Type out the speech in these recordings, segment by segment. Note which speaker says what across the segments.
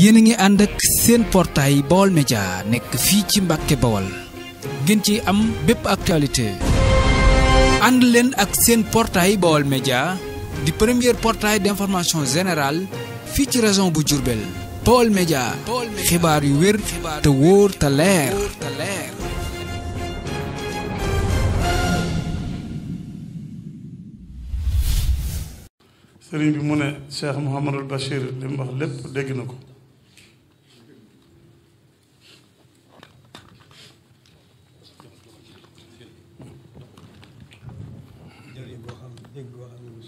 Speaker 1: yéen a ngi ànd ak seen portail Baol Média nekk fii ci Mbàkke Bawol gën ci am bépp actualité ànd leen ak seen portail Baol Média di premier portail d'information générale fii ci région bu Diourbel Baol Média xibaar yu wér te wóor te leer
Speaker 2: sëriñ bi mu ne Cheikh Mouhamadul Bachir li mu wax lépp dégg na ko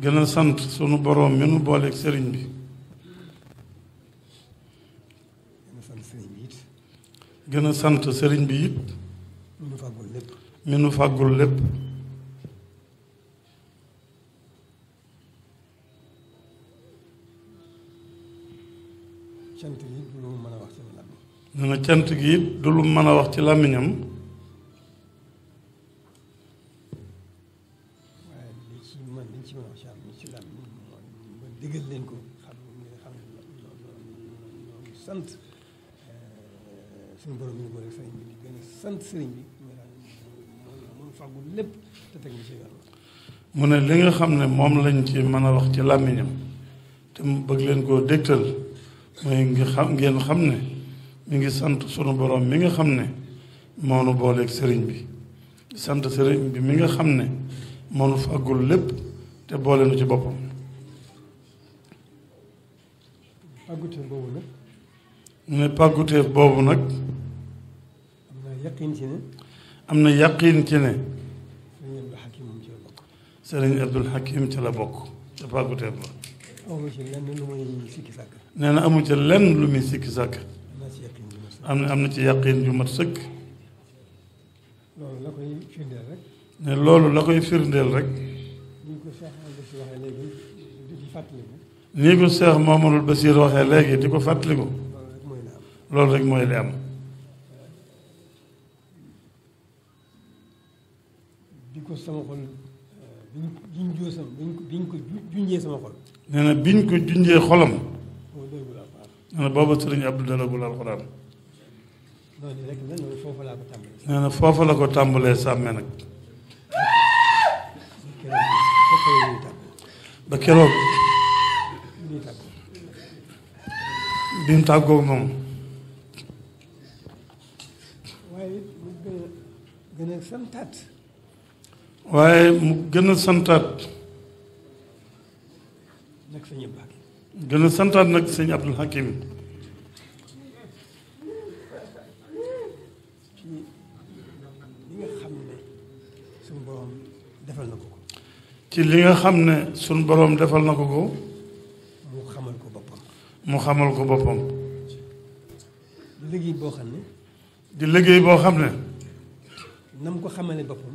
Speaker 2: gën a sant sunu boroom mi nu sëriñ bi gën a sant sëriñ bi it mi nu fàggul lépp cant gi it du lu mën a wax ci làmmiñam
Speaker 1: suñu borom ñu boole sëriñ bi di gën a sant sëriñ bi moom fàggul lépp te teg ñu ci yoon
Speaker 2: mu ne li nga xam ne moom lañ ci mën a wax ci làmmiñam te mu bëgg leen koo dégtal mooy ngi xam ngeen xam ne mi ngi sant sunu borom mi nga xam ne moo nu booleeg sëriñ bi sant sëriñ bi mi nga xam ne moo nu fàggul lépp te boole nu ci boppam.
Speaker 1: pàgguteef boobu nag.
Speaker 2: mu ne pàgguteef boobu nag. أنا تينا أمنا يقين تينا سرين عبد الحكيم تلا سرين أنا الحكيم تلا بوك دابا كو دابا
Speaker 1: أمو تي لن لو مي سيكي ساكا نانا أمو تي لن لو
Speaker 2: مي سيكي ساكا أمنا أمنا تي يقين يوم تسك
Speaker 1: لولو لاكوي فيرندل رك لولو لاكوي فيرندل رك نيكو شيخ عبد الله عليه دي فاتلي
Speaker 2: نيكو شيخ مامور البصير واخا لاغي ديكو فاتلي لول رك موي لام
Speaker 1: ko sama xol biñ junjoo sama sama xol.
Speaker 2: nee na biñ ko junjee xolam. nee na booba sëriñ dalagul alxuraan. nee foofa la ko tàmbalee sàmmee nag. ba keroog. bi mu tàggoog moom.
Speaker 1: waaye mu gën a gën a
Speaker 2: waaye mu gën a santaat gën a santaat nag sëñ Abdul Hakim ci li nga xam ne suñ boroom defal na ko ko
Speaker 1: mu xamal ko boppam
Speaker 2: mu xamal ko boppam
Speaker 1: di liggéey boo xam ne
Speaker 2: di liggéey boo xam ne
Speaker 1: na mu ko xamale
Speaker 2: boppam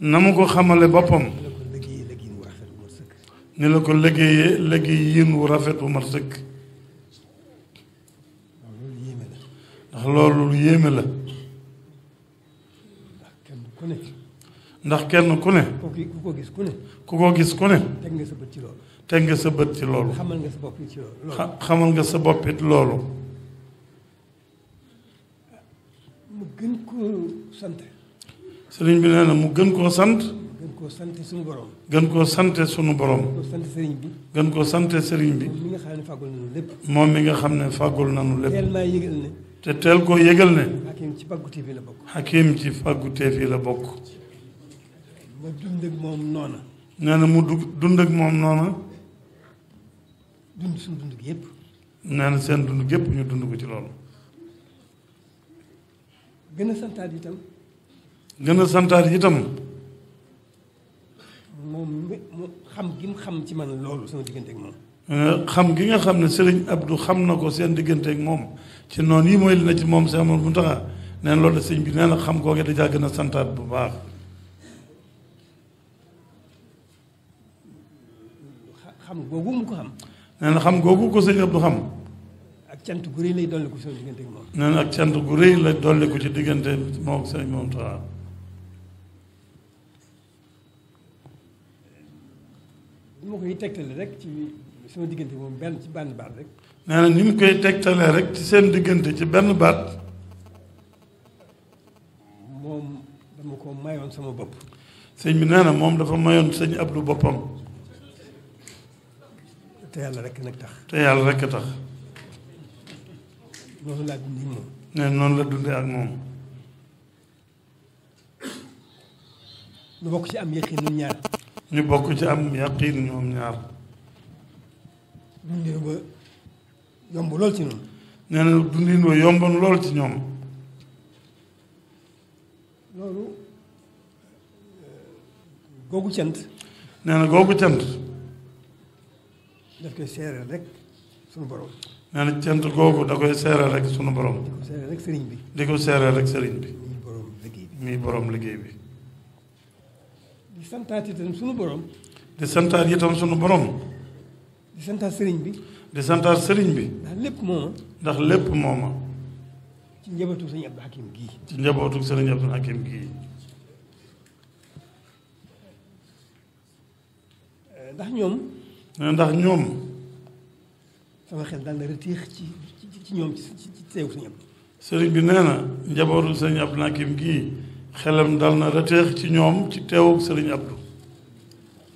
Speaker 2: na mu ko xamale boppam ni la ko liggéeyee liggéey yéen wu rafet bu mat sëkk ndax loolu lu yéeme la ndax kenn ku ne ku
Speaker 1: ko gis ku ne ku ko gis ku ne teg nga sa bët ci loolu
Speaker 2: teg nga sa bët ci loolu xamal nga sa bopp ci loolu nga sa bopp it loolu sëriñ bi nee na mu gën koo sant.
Speaker 1: gën koo sant suñu borom.
Speaker 2: gën koo sante sunu borom. gën gën koo sant sëriñ bi. moom mi nga xam ne fàggul nañu lépp. moom mi nga xam ne fàggul nañu lépp. teel maa yëgal ne. te teel koo yëgal ne. hakim ci fàgguteef yi la bokk. hakim ci fàgguteef yi la bokk.
Speaker 1: ma dund ak moom noona.
Speaker 2: nee na mu dund ak moom noona.
Speaker 1: dund suñu dund gi yëpp.
Speaker 2: nee seen dund gépp ñu dund ko ci loolu. gën a santaat itam.
Speaker 1: moom mu xam gi mu xam ci man loolu sama digganteeg moom.
Speaker 2: Euh, xam gi nga xam ne Serigne Abdou xam na ko seen digganteek moom ci noonu yi mooy li na ci moom Cheikh Amadou Mountakha loolu de bi nee na xam koo da caa gën a santaat bu baax.
Speaker 1: xam googu mu ko xam.
Speaker 2: nee na xam googu ko sëñ Abdou xam.
Speaker 1: ak cant gu rëy lay dolli ko ci diggante
Speaker 2: moom. nee ak cant gu rëy la dolli ko ci diggante moom Serigne moom Mountakha.
Speaker 1: ni ma koy tegtale rek ci sama diggante moom benn ci benn baat rek.
Speaker 2: nee na ni mu koy tegtale rek ci seen diggante ci benn baat.
Speaker 1: moom dama ko mayoon sama
Speaker 2: bopp. sëñ bi nee moom dafa mayoon sëñ Abdou boppam.
Speaker 1: te yàlla rek nag tax. te yàlla rek tax. noonu laa dundee
Speaker 2: moom. nee noonu la dundee ak moom.
Speaker 1: nu bokk ci am yëqin ñun ñaar.
Speaker 2: ñu bokk ci am yaqiin ñoom ñaar. dundin ba yomb lool ci ñoom. nee na dundin lool ci ñoom. loolu eh, googu cant. nee googu cant.
Speaker 1: daf koy seeral rek sunu borom.
Speaker 2: nee na cant googu da koy seeral rek sunu borom. di ko seeral rek sëriñ rek sëriñ bi. bi muy borom liggéey bi.
Speaker 1: di santaat itam sunu borom.
Speaker 2: di santaat itam sunu borom. di santaat sëriñ bi. di santaat sëriñ bi. ndax lépp mooma. ndax lépp mooma. ci njabootu sëriñ Abdou Hakim gii. ci njabootu ndax ñoom. ndax ñoom.
Speaker 1: sama xel daal na retiix ci ci ñoom ci teewu sëriñ
Speaker 2: Abdou. sëriñ bi nee na njabootu sëriñ Abdou Hakim gii. xelam dal na rëtëx ci ñoom ci teewub Serigne Abdou.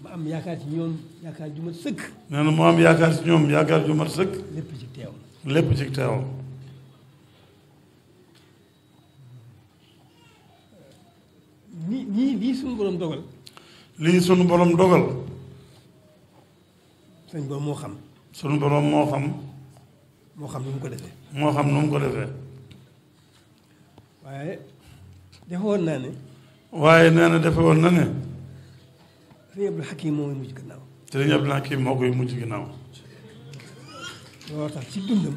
Speaker 1: ma am yaakaar ci ñoom yaakaar ju mat sëkk. nee na mu am yaakaar ci ñoom yaakaar ju mat sëkk. lépp ci teew
Speaker 2: lépp ci teew. ni nii lii sunu borom dogal. lii sunu borom dogal.
Speaker 1: sunu borom moo xam. sunu borom moo xam. moo xam nu mu ko defee.
Speaker 2: moo xam nu mu ko defee.
Speaker 1: دهور ناني واي نانا دفور ناني سيدي عبد الحكيم مو يموت كناو
Speaker 2: سيدي عبد الحكيم مو يموت كناو
Speaker 1: لولو تاخ سي دوندم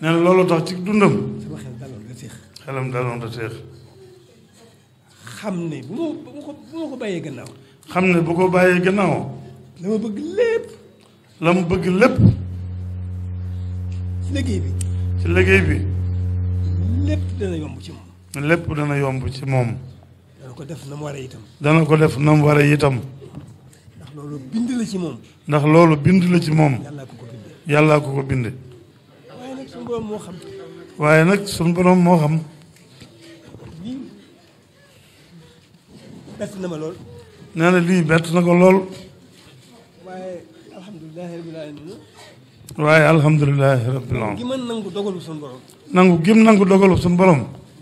Speaker 2: نانا لولو تاخ سي دوندم
Speaker 1: سما خيل دالون دا سيخ
Speaker 2: خيلم دالون دا سيخ
Speaker 1: خامني بوكو بوكو بايي كناو
Speaker 2: خامني بوكو بايي كناو
Speaker 1: لما بغ ليب
Speaker 2: لما بغ ليب سي ليغي بي سي ليغي بي
Speaker 1: ليب دا يوم سي مو
Speaker 2: lépp dana yomb ci moom.
Speaker 1: dana ko def na mu waree itam.
Speaker 2: dana ko def na mu waree itam. ndax loolu bind la ci moom. yàllaa ko ko bind. ko bind. waaye nag suñ borom moo xam. waaye nag suñu lii bett na ko lool.
Speaker 1: waaye alhamdulilah rabbil alamin.
Speaker 2: waaye alhamdulilah nangu gim nangu dogalu suñu suñu borom.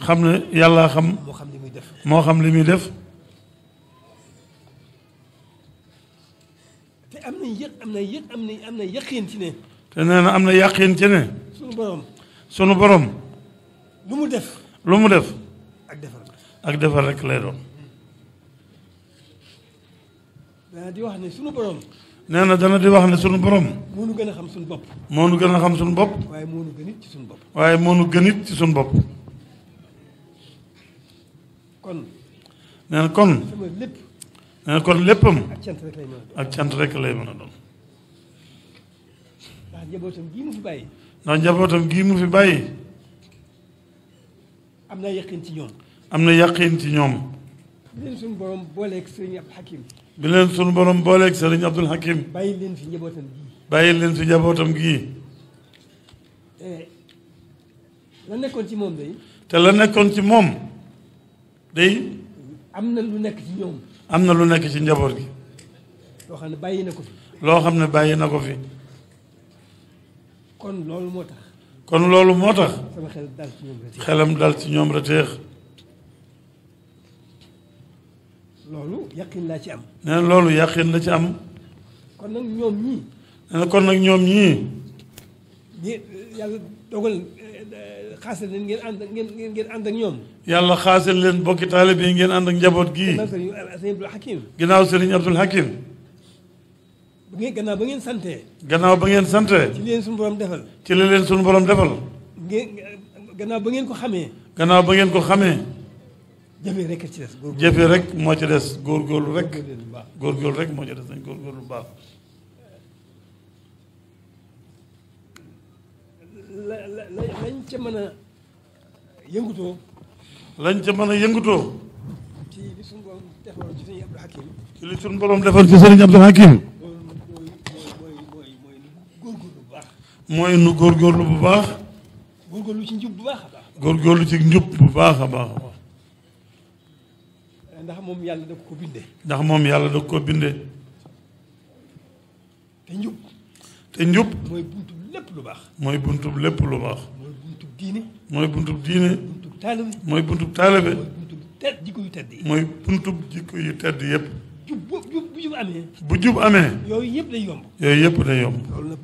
Speaker 2: xam ne yàlla xam moo xam li muy def moo xam li muy def
Speaker 1: te am na yëg am na yëg am na am na yaqin ci ne
Speaker 2: te nee na am na yaqin ci ne sunu borom sunu borom lu mu def lu mu def ak defar ak defar rek lay doon
Speaker 1: dana di wax ne sunu borom
Speaker 2: nee na dana di wax ne sunu borom moo nu
Speaker 1: gën a xam sunu bopp moo nu gën a xam sunu bopp waaye moo nu gën it ci sunu
Speaker 2: bopp waaye moo nu gën it ci sunu bopp nee na kon nee na kon léppam ak cant rek lay mën a
Speaker 1: doon. ndax njabootam gii mu fi bàyyi.
Speaker 2: ndax njabootam gii mu fi bàyyi.
Speaker 1: na yaqin ci ñoom.
Speaker 2: am na yaqin ci ñoom. bi leen sunu borom booleeg Serigne Abdul Hakim.
Speaker 1: bi leen sunu
Speaker 2: bàyyi leen fi njabootam gii. bàyyi leen eh, te la nekkoon ci moom. day.
Speaker 1: am na lu nekk ci ñoom.
Speaker 2: am na lu nekk ci njaboot gi.
Speaker 1: loo xam ne bàyyi na ko fi.
Speaker 2: loo xam ne bàyyi na ko fi.
Speaker 1: kon loolu moo tax.
Speaker 2: kon loolu moo tax. sama xel dal ci ñoom reteex. xelam dal ci ñoom reteex.
Speaker 1: loolu yàqin laa ci am.
Speaker 2: nee na loolu yàqin la ci am.
Speaker 1: kon nag ñoom ñii.
Speaker 2: nee na kon nag ñoom ñii.
Speaker 1: xaasal leen ngeen ànd ak ngeen ngeen ànd ak ñoom.
Speaker 2: yàlla xaasal leen bokki taalibe yi ngeen ànd ak njaboot gii. ginnaaw sëriñ Abdul Hakim. ginnaaw sëriñ Abdul Hakim.
Speaker 1: gannaaw ba ngeen santee.
Speaker 2: gannaaw ba ngeen santee. ci li leen suñu borom defal. ci li leen suñu borom defal.
Speaker 1: ngeen gannaaw ba ngeen ko xamee.
Speaker 2: gannaaw ba ngeen ko xamee. jëfee rek ci des. góorgóorlu jëfee rek moo ci des góorgóorlu rek. góorgóorlu rek moo ci des nañ góorgóorlu bu baax.
Speaker 1: la la lañ ca mën a
Speaker 2: yëngutoo. lañ ca mën a yëngutoo. ci li sunu borom defal ci sëriñ Abdou Hakim. mooy nu góorgóorlu bu baax. bu baax a baax. góorgóorlu ci njub bu baax a baax
Speaker 1: ndax moom yàlla da ko bindee.
Speaker 2: ndax moom yàlla da ko bindee. te njub. te njub. lépp lu baax. mooy buntub lépp lu baax. mooy buntub diine. mooy buntub diine. mooy buntub taalibe. mooy buntub taalibe. mooy buntub te jikko yu tedd yi. mooy buntub jikko yu tedd yëpp. jub bu jub amee. bu jub amee. yooyu yëpp day yomb. yooyu yëpp day yomb. loolu nag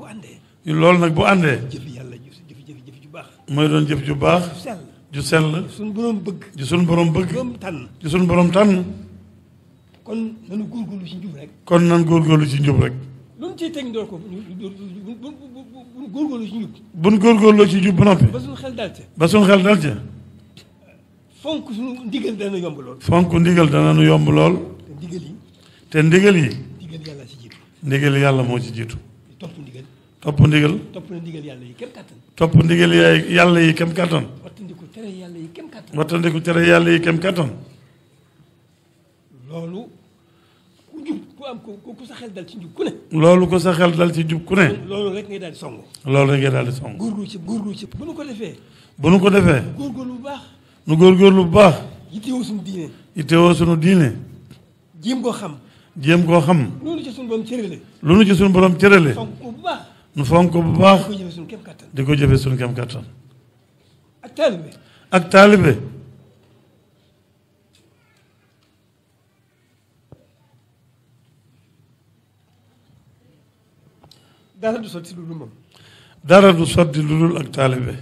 Speaker 2: bu loolu nag bu àndee. jëf yàlla jëf jëf jëf ju baax. mooy doon jëf ju baax. ju sell ju sell. ju sunu borom bëgg. ju sunu borom bëgg. borom tànn. ju sunu borom tànn.
Speaker 1: kon nanu góorgóorlu ci njub rek.
Speaker 2: kon nan ci njub rek
Speaker 1: lu mu ciy teg ñu door ko bu góorgóorloo ci njub.
Speaker 2: bu góorgóorloo ci njub bu noppi. ba suñu xel dal ca. ba suñu xel dal ca. fonk suñu ndigal dana yomb lool. fonk ndigal dana nu yomb lool. te ndigal yi. te ndigal yi. ndigal yàlla ci jiitu. ndigal yàlla moo ci jiitu. topp ndigal. topp ndigal. topp
Speaker 1: ndigal yàlla yi kem
Speaker 2: kattan. topp ndigal yaay yàlla yi kem kattan. wattandiku
Speaker 1: tere yàlla yi kem kattan. wattandiku
Speaker 2: tere yàlla yi kem kattan.
Speaker 1: loolu. ku am ku sa xel dal ci njub ku ne.
Speaker 2: loolu ko sa xel dal ci njub ku ne. loolu rek ngay daal di song. loolu rek ngay daal di song. góorgóorlu
Speaker 1: ci góorgóorlu ci bu nu ko defee.
Speaker 2: bu nu ko defee.
Speaker 1: góorgóorlu bu baax.
Speaker 2: nu góorgóorlu bu baax.
Speaker 1: yittewoo sunu diine.
Speaker 2: yittewoo sunu diine. jéem koo xam. jéem koo xam.
Speaker 1: lu nu ci sunu borom cërale.
Speaker 2: lu nu ci sunu borom cërale. fonk ko bu baax. nu fonk ko bu baax. di ko jëfee sunu kem kattan. di ko jëfee sunu kem kattan. ak taalibe. ak taalibe.
Speaker 1: dara du sotti lu dul moom.
Speaker 2: dara du sotti lu dul ak taalibe.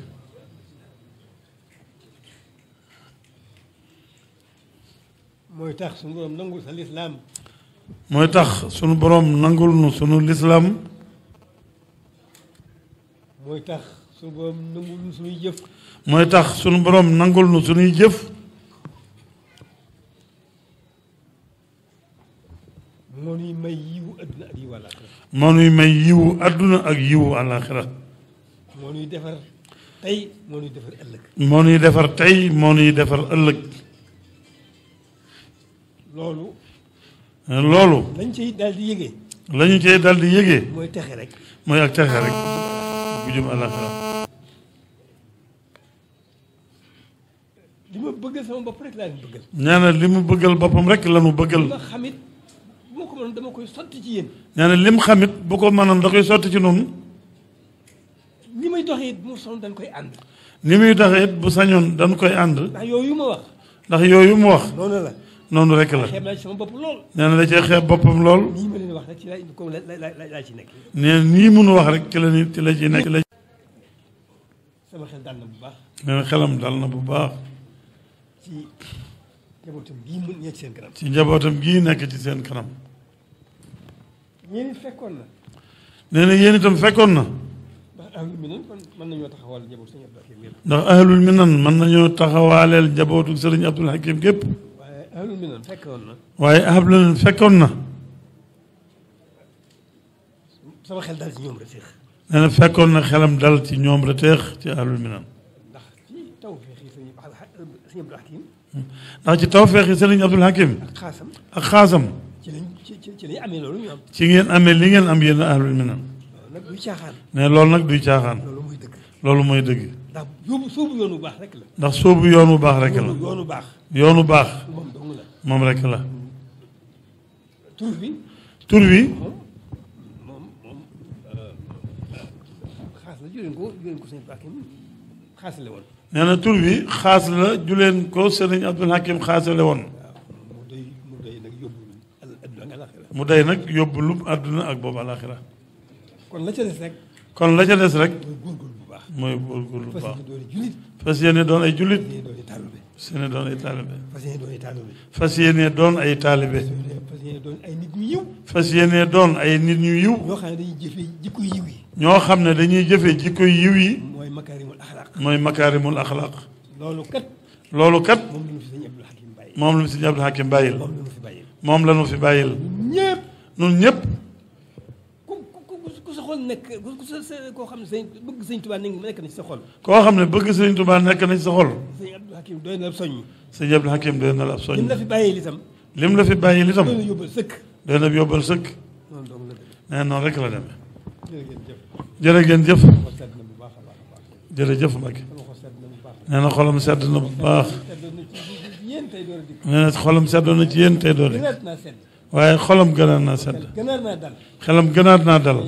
Speaker 1: mooy tax sunu borom sa lislaam.
Speaker 2: mooy tax sunu borom nangul nu sunu lislaam.
Speaker 1: mooy tax sunu borom nangul nu sunuy jëf.
Speaker 2: mooy tax sunu borom nangul nu sunuy jëf. moo nuy may yiwu àdduna ak yiwu àllaaxira
Speaker 1: moo nuy defar tey moo nuy defar ëllëg
Speaker 2: moo nuy defar tey moo nuy defar ëllëg loolu loolu lañ cay
Speaker 1: daal di yëgee lañu cay daal di yëgee mooy texe rek
Speaker 2: mooy ak texe rek bu jëm àllaaxira
Speaker 1: li ma bëggal sama bopp rek laa bëggal
Speaker 2: nee na li mu bëggal boppam rek la nu bëggal
Speaker 1: xamit bu ma koy sotti ci yéen.
Speaker 2: nee na lim xamit bu ko mënoon da koy ci noonu.
Speaker 1: ni muy doxee dañ koy ànd.
Speaker 2: ni muy bu sañoon dañ koy ànd. ndax yooyu ma ndax yooyu mu wax. noonu la. noonu rek la xeeb naa ci sama bopp lool. cee xeeb boppam lool.
Speaker 1: nii wax rek ci laa ci nekk.
Speaker 2: nee na mënu wax rek ci la ni ci la ci nekk.
Speaker 1: sama xel bu baax.
Speaker 2: nee na xelam dal na bu baax.
Speaker 1: ci ci njabootam
Speaker 2: gii nekk ci seen kanam.
Speaker 1: yéen it fekkoon na.
Speaker 2: nee na yéen itam fekkoon na.
Speaker 1: ndax ahlul
Speaker 2: minan mën nañoo taxawal njabootu sëriñ Abdul Hakim yëpp. ndax ahlul minan mën nañoo taxawaaleel njabootu sëriñ Abdul Hakim gépp.
Speaker 1: waaye ahlul minan fekkoon na.
Speaker 2: waaye ahlul minan fekkoon na.
Speaker 1: sama xel dal ci ñoom rek.
Speaker 2: nee na fekkoon na xelam dal ci ñoom rek ci ahlul minan. ndax
Speaker 1: ci tawfeex yi sëriñ Abdul Hakim.
Speaker 2: ndax ci tawfeex yi sëriñ Abdul Hakim. ak xaasam ak xaasam. ci ngeen amee li ngeen am yéen ahlul minan ne loolu nag duy caaxaan loolu mooy dëgg
Speaker 1: ndax soobu yoon bu baax rek
Speaker 2: la ndax soobu yoon bu baax rek la yoonu baax yoonu baax moom rek la tur bi tur bi
Speaker 1: nee na tur bi xaas
Speaker 2: la juleen ko sëriñ Abdul Hakim xaasale woon موداي نك يوبلوب أدنى اك بوب الاخره
Speaker 1: كون لا تي ديس رك
Speaker 2: كون لا تي ديس رك موي بول بول دون اي جوليت فاسيني دون اي طالب فاسيني دون اي طالب فاسيني دون اي طالب
Speaker 1: فاسيني دون اي نيت نيو يو
Speaker 2: ño xamne dañuy jëfé jikko yiwi ño xamne dañuy jëfé jikko yiwi moy makarimul akhlaq moy makarimul akhlaq lolu kat lolu kat mom lu ci ñeb hakim baye mom lu ci ñeb hakim mom lañu fi bayil ñëpp nun ñëpp
Speaker 1: ku sa xol nekk ku sa koo sëñ bëgg sëñ Tuubaa nek na ci sa xol
Speaker 2: koo bëgg sëñ Tuubaa nekk na ci sa sëñ
Speaker 1: Abdou Hakim doy na ab soññ
Speaker 2: sëñ Abdou Hakim doy ab soññ lim la fi bàyyi litam lim la fi bàyyi litam doy na yóbbal sëkk doy na sëkk nee noonu rek la demee
Speaker 1: jërë ngeen jëf
Speaker 2: jërëjëf Mbacke nee na xolam sedd na bu baax nee xolam sedd na ci yéen tey door waaye xolam gënaat naa sedd xelam gënaat naa dal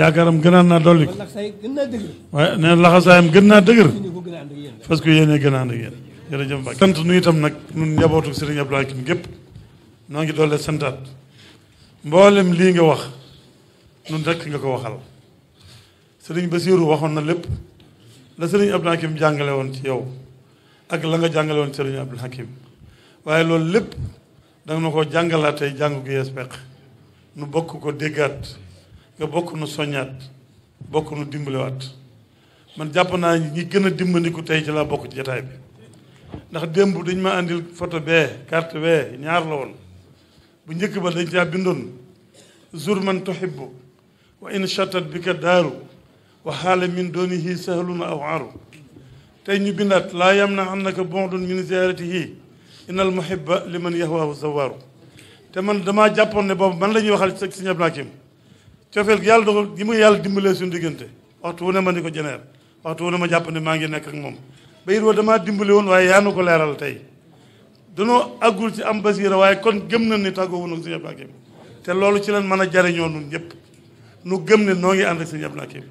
Speaker 2: yaakaaram gënaat naa dolli ko
Speaker 1: waaye laxasaayam gën naa dëgër parce que
Speaker 2: yéen a gën a ànd ak nu itam nag nun njabootu Serigne Abdou Hakim gépp noo ngi doole santaat mboolem lii nga wax nun rekk nga ko waxal Serigne Bassirou waxoon na lépp la Serigne Abdou Hakim jàngale woon ci yow ak la nga jàngale woon Serigne Abdul Hakim waaye loolu lépp danga na ko jàngalaat tey jàng gu yees peq nu bokk ko déggaat nga bokk nu soññaat bokk nu dimbaliwaat man jàpp naa ñi gën a dimbandiku tey ci laa bokk ci jataay bi ndax démb dañ ma àndil photo bee carte bee ñaar la woon bu njëkk ba dañ caa bindoon zur man tuhibbu wa in shatat bika daaru wa xaale min doonihi sahlun aw aru tey ñu bindaat laa yam na na an naka bondun min ziaratihi innal muhibba liman yahwaahu zawaaru te man damaa jàppoon ne boobu man la ñuy waxal si Sëñ Abdou Hakim yàlla dogal gi mu yàlla dimbalee suñu diggante waxtu wu ne ma ni ko jeneer waxtu wu ne ma jàpp ne maa ngi nekk ak moom bayit woo damaa dimbale woon waaye yaa ko leeral tey danoo àggul ci am basiira waaye kon gëm na ni tàggoo woon ak Sëñ Abdou te loolu ci leen mën a jariñoo nun ñëpp nu gëm ne noo ngi ànd ak Sëñ Abdou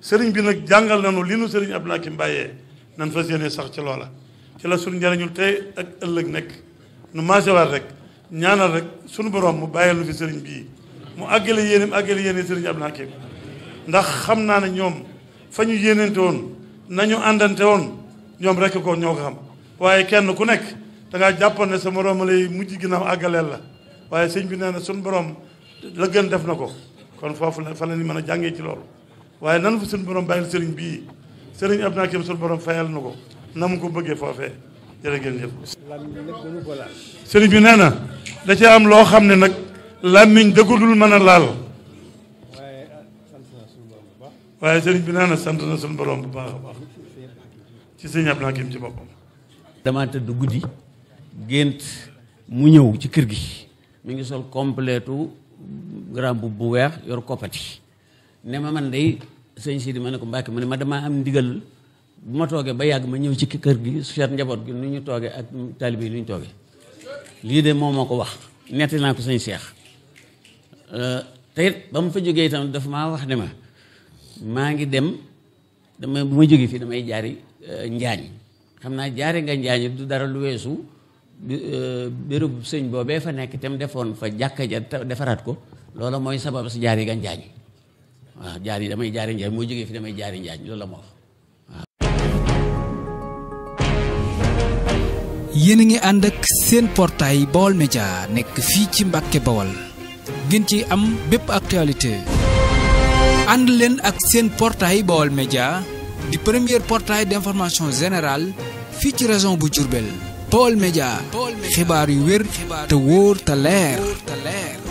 Speaker 2: sëriñ bi nag jàngal nañu li nu sëriñ Abdou Hakim bàyyee nan fas yéene sax ci loola ci la suñu njëriñul tey ak ëllëg nekk nu maasewaat rek ñaanal rek suñu borom mu bàyyil nu fi sëriñ bii mu àggale yéeneem àggale yéene sëriñ Abdou Hakim ndax xam naa ne ñoom fa ñu yéenante woon nañu àndante woon ñoom rek ko ñoo ko xam waaye kenn ku nekk dangaa jàppoon ne sa moroom lay mujj ginnaaw àggaleel la waaye sëñ bi nee na suñu borom la gën def na ko kon foofu la fa la ñu mën a jàngee ci loolu waaye nan fa suñu borom bàyyil sëriñ bii Sering ab naa kéem borom fayal nugo nam ko beugé fofé jërë ngeen jëf sëriñ bi nana da ci am lo xamné nak lamine làmmiñ mëna laal waye serigne bi nana sant na suñu borom bu baax baax ci serigne ab ci bopam dama tëdd guddi gënt mu ñew ci kër gi
Speaker 1: mi ngi sol completu grand bu bu yor copati ne man day sëñ sidi di ma ne ko ma dama am ndigal bu ma toogee ba yag ma ñëw ci kër gi seet njabot gi ñu togué ak talib yi ñu togué li dé moom moo wax netti naa ko sëñ Seex euh, te it ba mu fa joggé tam dafa ma wax ne ma ngi dem dama bu ma jógee fii damay jaari euh, njaañ xamna naa jaari nga njaañ du dara lu wésu euh, béréb sëñ bobé fa nekk itam defoon fa jàkka ja ko lolo moy sababu si jari nga waaw jaar yi damay jaari njaay moo jógee fi damay jaari njaay loolu la ma a ngi ànd ak seen portail Baol Média nekk fii ci Mbàkke Baol ngeen ci am bépp actualité ànd leen ak seen portaay Baol Média di premier portail d'information général fii ci région bu Diourbel Baol Média xibaar yu wér te wóor te leer